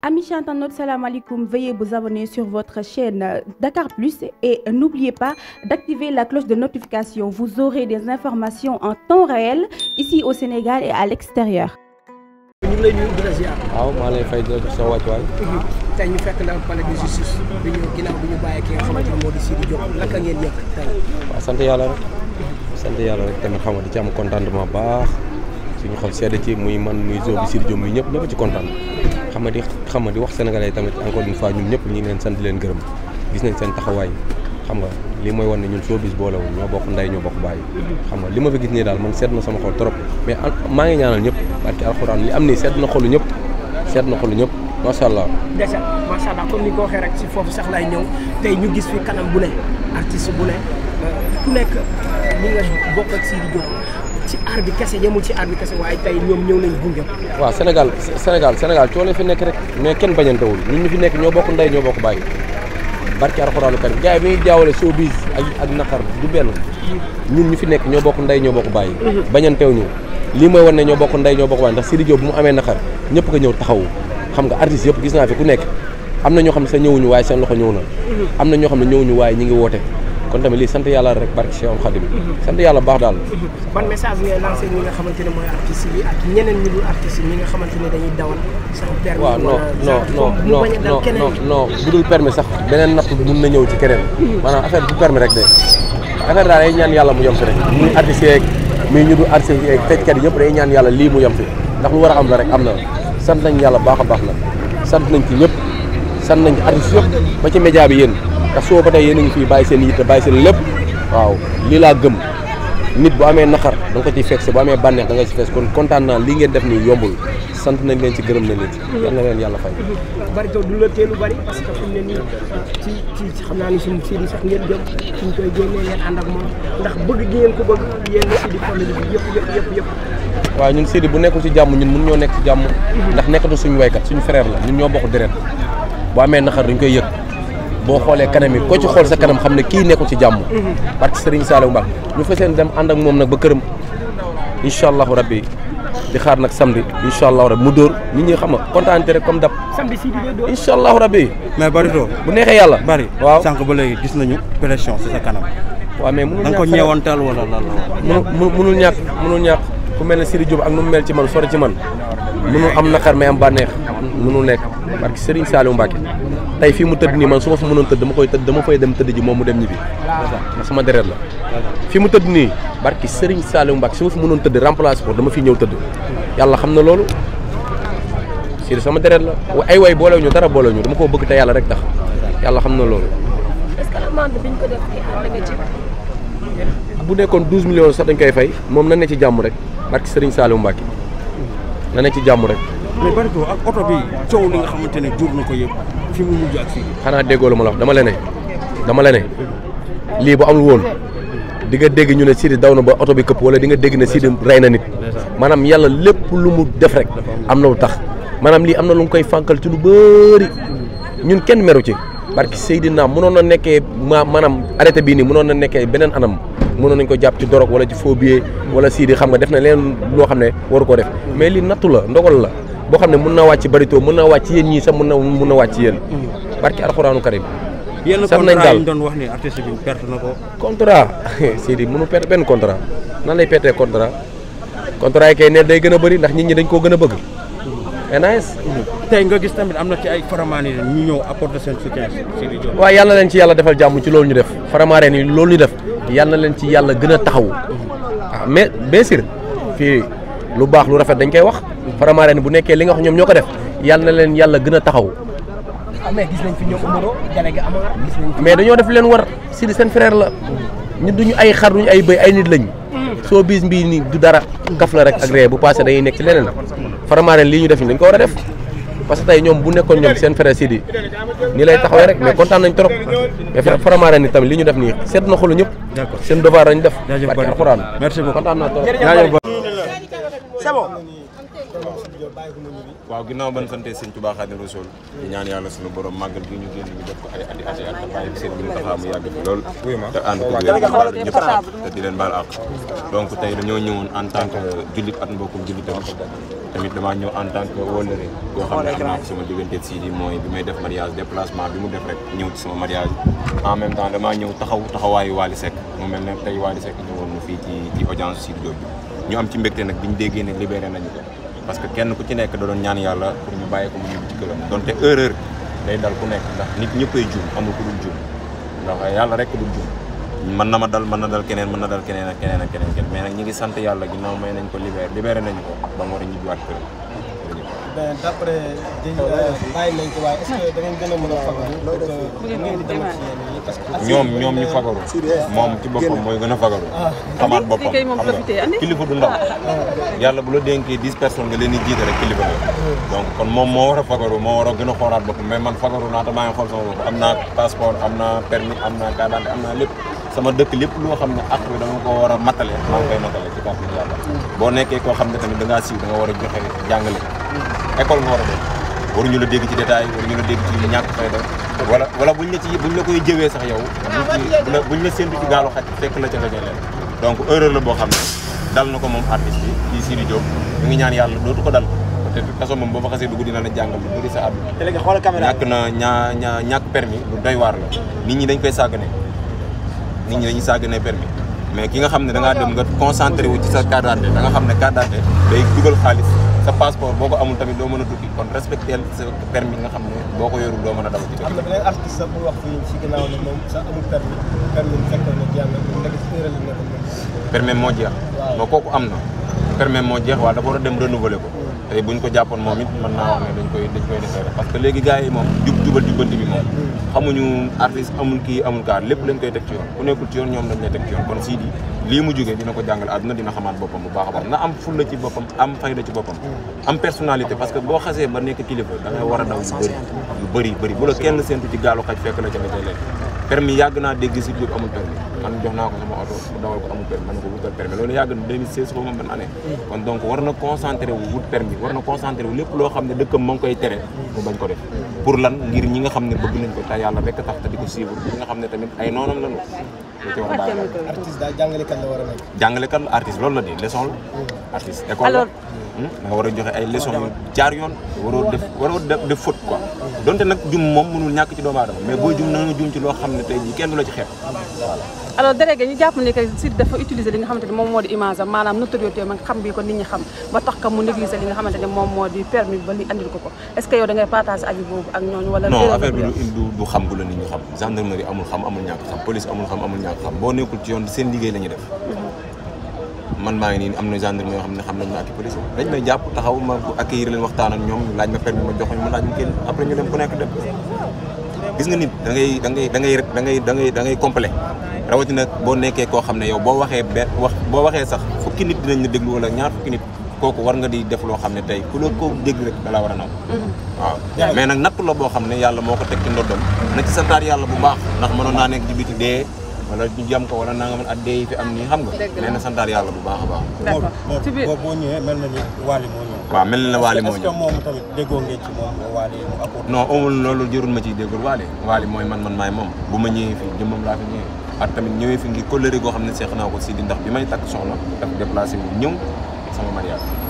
Amis chers internautes, salam alaikum. Veuillez vous abonner sur votre chaîne Dakar Plus et n'oubliez pas d'activer la cloche de notification. Vous aurez des informations en temps réel ici au Sénégal et à l'extérieur. ñu maa sa wàccuwaay. Mhm. la palais de justice bi ñu ginnaaw yàlla rek sant yàlla rek tamit xam ci am contentement baax suñu xol sedd ci muy man muy Zobi Sidi Diop muy ñëpp ñëpp ci kontaan. xam nga di xam nga di wax sénégalais tamit encore une fois ñun ñëpp ñu ngi leen sant leen gërëm gis nañ seen taxawaay xam nga li mooy wan ne ñun showbiz boolewul ñoo bokk nday ñoo bokk bàyyi xam nga li ma fi gis nii daal man seet na sama xol trop mais maa ngi ñaanal ñëpp barki alxuraan li am nii seet na xolu ñëpp seet na xolu ñëpp macha allah. déjà macha ko waxee rek si foofu sax lay ñëw tey ñu gis fi kanam bu ne artiste bu ne euh, ku nekk ci aar bi kese yemul ci aar bi kese waaye tey ñoom ñëw nañ gunge waaw Sénégal Sénégal Sénégal coono fi nekk rek mais kenn bañantewul ñun ñu fi nekk ñoo bokk ndey ñoo bokk bàyyi barki alxuraanu karim gars yi bi ñuy jaawale showbiz ak ak naqar benn ñun ñu fi nekk ñoo bokk ndey ñoo bokk bàyyi mhm. bañantew ñu lii mooy wan ne bokk ndey ñoo bokk bàyyi mu amee naqar ñëpp ko ñëw xam nga artiste yëpp gis naa fi ku nekk am na ñoo xam ne sa ñëwuñu waaye seen loxo ñëw na mhm. am na ñoo xam ne ñëwuñu waaye ñi ngi woote kon tamit lii sant yàlla rek barke si am xadim sant yàlla baax daal. man message ngay lancé ñi nga xamante ne mooy artistes yi ak ñeneen ñi dul artistes yi ñi nga waaw non non bu dul permis sax beneen natt mun na ñëw ci keneen. Hmm. maanaam affaire bu permis rek de affaire day ñaan yàlla mu yem fi rek. muy artistes yeeg muy ñu yëpp day ñaan yàlla lii mu yam fi ndax lu war a am la rek am na sant nañ yàlla baax a baax na sant nañ ci ñëpp. sant nañ ci artistes yëpp ba ci média bi yéen ndax soo ba tey yéen a ngi fii bàyyi seen yitte bàyyi seen lépp waaw lii laa gëm nit bu amee naqar da ko ci fekk si bu amee bànneex da nga ci fekk kon kontaan lii ngeen def nii yombul sant nañ leen ci gërëm nañ leen ci. yal na yàlla fay. bari taw du la teelu bari xam naa ni suñu sédd ngeen jëm suñ koy génnee ngeen yëpp yëpp yëpp yëpp. ñun sédd bu nekkul ci jàmm ñun mun ñoo nekk ci jàmm. ndax nekkatu suñu weykat suñu frère la ñun ñoo bokk deret boo amee naxar dañ koy yëg boo xoolee kanam yi ko ci xool sa kanam xam ne kii nekkul ci jàmm barke Serigne Saliou Mbacke ñu fa seen dem ànd ak moom nag ba këram incha allahu rabbi di xaar nag samedi incha allahu rabbi mu dóor nit ñi xam nga kontaante rek comme dab incha allahu rabbi mais bari doo bu neexee yàlla bari waaw sànq ba léegi gis nañu pression ci sa kanam waaw mais mënul da nga ko ñeewantal wala lan la mënul ñàkk mënul ñàkk ku mel ne Siri Diop ak nu mu mel ci man sori ci man mënul am naqar mais am bànneex mënul nekk parce sëriñ Serigne Saliou Mbacke tey fii mu tëdd nii man suma fi mënoon tëdd dama koy tëdd dama fay dem tëdd ji moom mu dem ñibbi ndax sama deret la fii mu tëdd nii barki sëriñ Saliou Mbacke su mënoon tëdd remplace dama fi ñëw tëdd yàlla xam na loolu si sama deret la ay way boolewu ñu dara boolewu ñu dama koo bëgg te yàlla rek tax yàlla xam na loolu bu nekkoon 12 sax dañ koy fay moom na ci jàmm rek barki Serigne Saliou Mbacke na ne ci jàmm rek mais Barito ak oto bi coow li nga xamante ne jur na ko yëpp fi mu xanaa déggoo la ma la wax dama la ne dama la ne lii bu amul woon di nga dégg ñu ne Sidi daw na ba oto bi këpp wala di nga dégg ne Sidi rey na nit maanaam yàlla lépp lu mu def rek am na lu tax maanaam lii am na lu nga koy fànkal ci lu bëri ñun kenn meru ci parce que naa mënoon na nekkee ma maanaam arrêté bii nii mënoon na nekkee beneen anam mënoon nañ ko jàpp ci dorog wala ci faux billet wala Sidi xam nga def na leen loo xam ne waru koo def mais lii nattu la ndogal la boo xam ne mun na wàcc Barito mën na wàcc yéen ñii sax mën na mën na wàcc yéen. Mm. barki alxuraanu karim. sax nañ daal contrat yi ñu doon wax ni artiste bi perte na ko. contrat Sidi mënu perte benn contrat nan lay pertee contrat contrat yi kay ne day gën a bëri ndax nit ñi dañ koo gën a bëgg. NAS. tey nga gis tamit am na ci ay faramaare ñu ñëw apporter seen soutien Sidi Diop. yàlla leen ci yàlla defal jàmm ci loolu ñu def faramaare ni loolu ñu def yàlla leen ci yàlla gën a taxaw. Mm-hmm. ah mais bien fii lu baax lu rafet dañ koy wax Faramareen bu nekkee li nga wax ñoom ñoo ko def yàlla na leen yàlla gën a taxaw. mais gis dañoo def leen war Sidi seen frère la ñun duñu ay xar duñu ay bëy ay nit lañ soo bis mbii nii du dara kaf la rek ak bu passé dañuy nekk ci leneen Faramareen li ñu def ñu dañ ko war a def parce que ñoom bu nekkoon ñoom seen frère Sidi nii lay taxawee rek mais kontaan nañ trop mais Faramareen ni tamit li ñu def nii seet na xolu ñëpp seen devoir lañ waaw ginnaaw ban sante sëñ Tuubaa Xaadimu Rasuul di ñaan yàlla sunu borom màggal gi ñu génn ñu def ko ay ati ati at lool te ànd ko wér baal ñëpp te di leen baal àq donc tey dañoo ñëwoon en tant tamit damaa ñëw en tant que wóllëre koo xam ne xam naa ko sama diggante Sidi mooy bi may def mariage déplacement bi mu def rek ñëw ci sama mariage en même temps damaa ñëw taxaw taxawaayu Wally Seck mu mel ne tey Wally Seck ñëwoon mu fii ci ci audience Sidi bi ñu am ci mbégte nag biñu déggee ne libéré nañu ko parce que kenn ku ci nekk da doon ñaan yàlla pour ñu bàyyi ko mu ñibbi ci këram donte erreur day dal ku nekk ndax nit juum amul ku dul juum ndax yàlla rek dul juum mën na ma dal man na dal keneen mën na dal keneen ak keneen ak keneen mais nag ngi sant yàlla ginnaaw may nañ ko libéré ko ba mu war a euh, ko waaye est ce que da ngeen parce que ñoom ñoom ñu fagaru moom ci boppam mooy gën a fagaru ah. xamaat ah, boppam xam nga kilifa du ndaw ah. yàlla bu la dénkee dix personnes nga leen di jiite rek kilifa la donc kon moom moo war a fagaru moo war a gën a xoolaat boppam mais man fagaru naa te maa ngi xool sama bopp am naa passeport am naa permis am naa carte d'identité am naa lépp sama dëkk lépp loo xam ne ak bi dama ko war a matale maa koy matale boo nekkee koo xam ne tamit da ngaa siiw da war a joxe jàngale école nga waruñu la dégg ci détail waruñu la dégg ci ñàkk fayda wala wala buñ la ci buñ la koy jëwee sax yow buñ la séntu ci gaalu xaj fekk la ca nga leen donc la boo xam ne dal na ko moom artiste bi di Sidy Diop ñaan yàlla dootu ko dal te moom boo fa xasee dugg dina la jàngal lu bëri sa àdduna ñàkk na ñaa ñaa ñàkk permis lu doy waar la nit ñi dañ koy sàggane nit ñi dañuy sàggane permis mais ki nga xam ne da ngaa dem nga concentré wu ci sax carte d'identité da nga xam ne carte d'identité day dugal xaalis sa passeport boo ko amul tamit doo mën a tukki kon respectel sa nga xam ne boo ko yorul doo mën a daw ci am na beneen artiste jeex moo jeex waaw kooku am na permis moo jeex waaw dafa war a dem ko hmm. tey buñ ko jàppoon moom it mën naa wax ne dañ koy dañ koy defee rek parce que léegi gars yi moom jub jubal jubanti bi moom hmm. xamuñu artiste amul kii amul kaar lépp lañ koy teg ci yoon ku nekkul ci yoon ñoom dañ lay kon sii lii mu jógee dina ko jàngal àdduna dina xamaat boppam bu baax a baax na am fulla ci boppam am fayda ci boppam am personnalité parce que boo xasee ba nekk kilifa da war a daw yu bëri yu bëri bëri bu la kenn seentu ci gaalu xaj fekk la ca la permis yàgg naa dégg si biir amul permis man jox ko wutal permis loolu yàgg na 2016 foofu man année kon donc war na concentré wu wut permis war na concentré wu lépp loo xam ne dëkkam ma ngi koy tere mu bañ ñi nga xam ne bëgg nañ ko te yàlla xam ne tamit artiste daal jàngalekat la war a nekk. jàngalekat loolu la di leçon la. Hmm. artiste école la. Hmm. war a joxe ay leçon yu jaar yoon. waroo def waroo def faute quoi. donte nag jum moom mënul ñàkk ci doomu aadama mais booy jum na jum ci loo xam ne tey jii kenn du la ci xeeb ne moom moo di image am maanaam notoriété ma xam bi nit ñi xam ba tax ka ne moo di permis ba li andil ko ko est ce que yow da ngay partager avis amul xam amul ñàkk xam police amul xam amul ñàkk xam boo nekkul ci seen liggéey la def mhm. man maa ngi am na gendarme yoo xam ne xam ne ma ak police dañ may jàpp taxaw ma accueillir leen waxtaan ak ñoom laaj ma permis ma jox ñu ma après ñu dem ku nekk dem gis nga nit da ngay da ngay da ngay da ngay da ngay da ngay complet rawatina boo nekkee koo xam ne yow boo waxee benn wax boo waxee sax fukki nit dinañ la déglu wala ñaar fukki nit kooku war nga di def loo xam ne tey ku la ko dégg rek da la war a naw waaw mais nag natt la boo xam ne yàlla moo ko teg ci ndoddam na ci santaat yàlla bu baax ndax mënoon naa nekk ci wala ñu jam ko wala naa nga mën addee fi am nii xam nga. dëgg la na santaar yàlla bu baax a baax. boo ñëwee mel na ni waali moo waaw mel na waali moo ñëw est-ce que moom tamit déggoo ngeen amul loolu jërul ma ci déggul waali. waali mooy man man maay moom bu ma ñëwee fii jëmmam laa fi ñëwee ak tamit ñëwee fi ngir kóllëre goo xam ne seex naa ko si di ndax bi may takk soxna daf déplacé wu ñëw sama mariage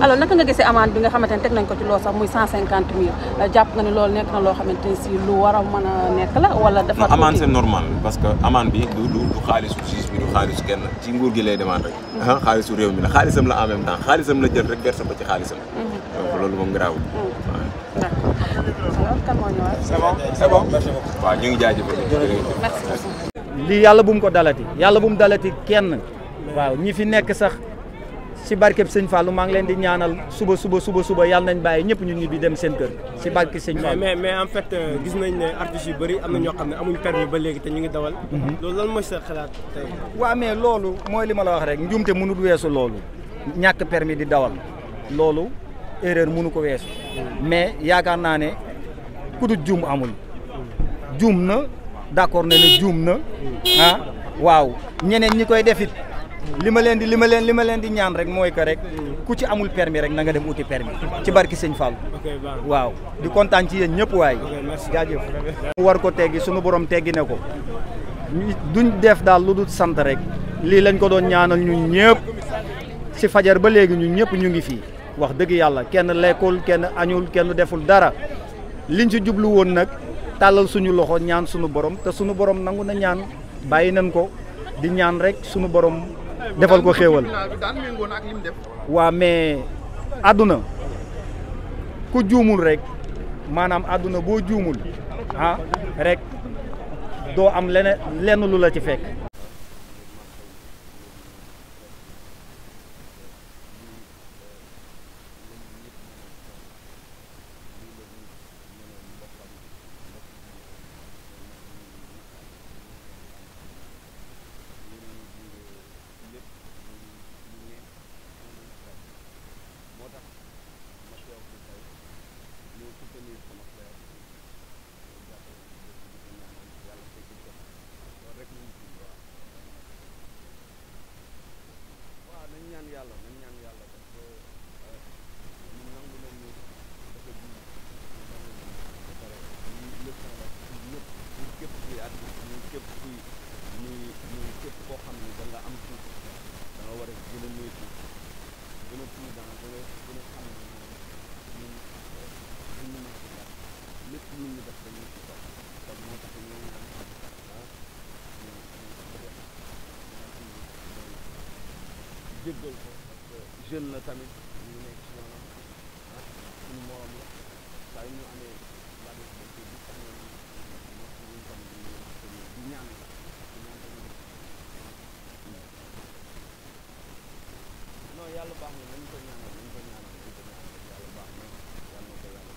alors naka nga gisee amende bi nga xamante ne teg nañ ko ci loolu sax muy 150 mille jàpp nga ni loolu nekk na loo xamante ne si lu war a mën a nekk la wala. dafa tuuti amende c'est parce que amende bi du du du kenn ci nguur gi lay demande rek. Mm-hmm. Ah, xaalisu réew mi la xaalisam la en même temps xaalisam la jël rek verse ko ci xaalisam. Mm-hmm. donc loolu moom mm-hmm. ñu ngi jaajëfal merci beaucoup. lii yàlla bu ko dalati yàlla bu mu dalati kenn waaw ñi fi nekk sax. si barkeb sëñ Fallou maa ngi leen di ñaanal suba suba suba suba yàlla nañ bàyyi ñëpp ñun ñi bi dem seen kër si barke sëñ Fallou mais mais en fait euh, gis nañ ne artistes yu bëri am na ñoo xam ne amuñ permis ba léegi te ñu ngi dawal mhm. loolu lan mooy sa xalaat tey waaw mais loolu mooy li ma la wax rek njuumte mënut weesu loolu ñàkk permis di dawal loolu erreur mënu ko weesu mais yaakaar naa ne ku du juum amul juum na d'accord ne ne juum na ah waaw ñeneen ñi koy defit li ma leen di li ma leen li ma leen di ñaan rek mooy que rek ku ci amul permis rek nanga nga dem uti permis ci barki sëñ Fall waaw di kontaan ci yéen ñëpp waaye jaajëf mu war ko teggi suñu borom teggi ne ko duñ def daal lu dul sant rek lii lañ ko doon ñaanal ñu ñëpp si fajar ba léegi ñu ñëpp ñu ngi fii wax dëgg yàlla kenn lekkool kenn añul kenn deful dara liñ ci jublu woon nag tàllal suñu loxo ñaan suñu borom te suñu borom nangu na ñaan bàyyi nañ ko di ñaan rek suñu borom defal ko xéewal waa mais àdduna ku juumul rek maanaam àdduna boo juumul ah rek doo am leneen lenn lu la ci fekk jéggal ko parce que jeune la tamit ñu nekk ci yoonam ah suñu morom la saa yu ñu amee laa def ko ci gis ñu ñu tam di ñaan non yàlla baax na nañu ko ñaanal nañu ko ñaanal nañu ko ñaanal yàlla baax na yàlla na ko yàlla ko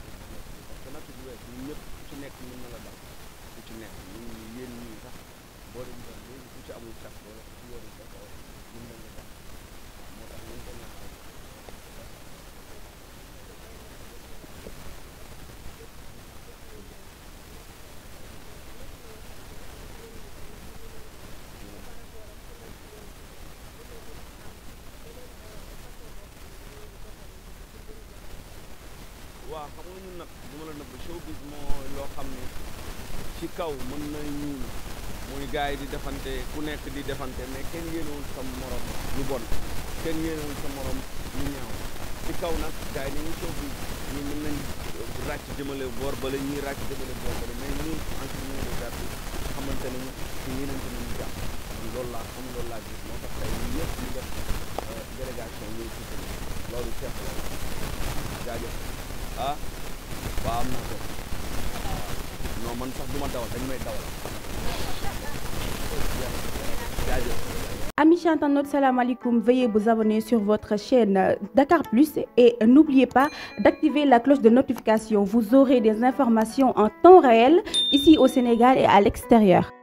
parce que nag bu wees ñun ñëpp ku ci nekk mën na la dal ku ci nekk ñun ñu yéen ñii sax boo leen doon léegi ku ci amul sax wala ku ci yorul sax waaw xam nga ñun nag du ma la nëbb showbiz mooy loo xam ne ci kaw mën na ñuul muy gars yi di defante ku nekk di defante mais kenn yéenewul sa morom lu bon kenn yéenewul sa morom lu ñaaw ci kaw nag gars yi ñu showbiz ñu mën nañ ràcc jëmale boor bala ñuy ràcc jëmale boor bala mais ñun entrepreneur de garde xamante nañu ci yenente nañu jàpp loolu laa xam loolu laa gis moo tax tey ñu ñëpp ñu def euh, délégation yooyu ci loolu ceeb la jaajëf ah waaw am naa ko non man sur votre chaîne Dakar Plus et n'oubliez pas d'activer la cloche de notification. Vous aurez des informations en temps réel ici au Sénégal et à l'extérieur.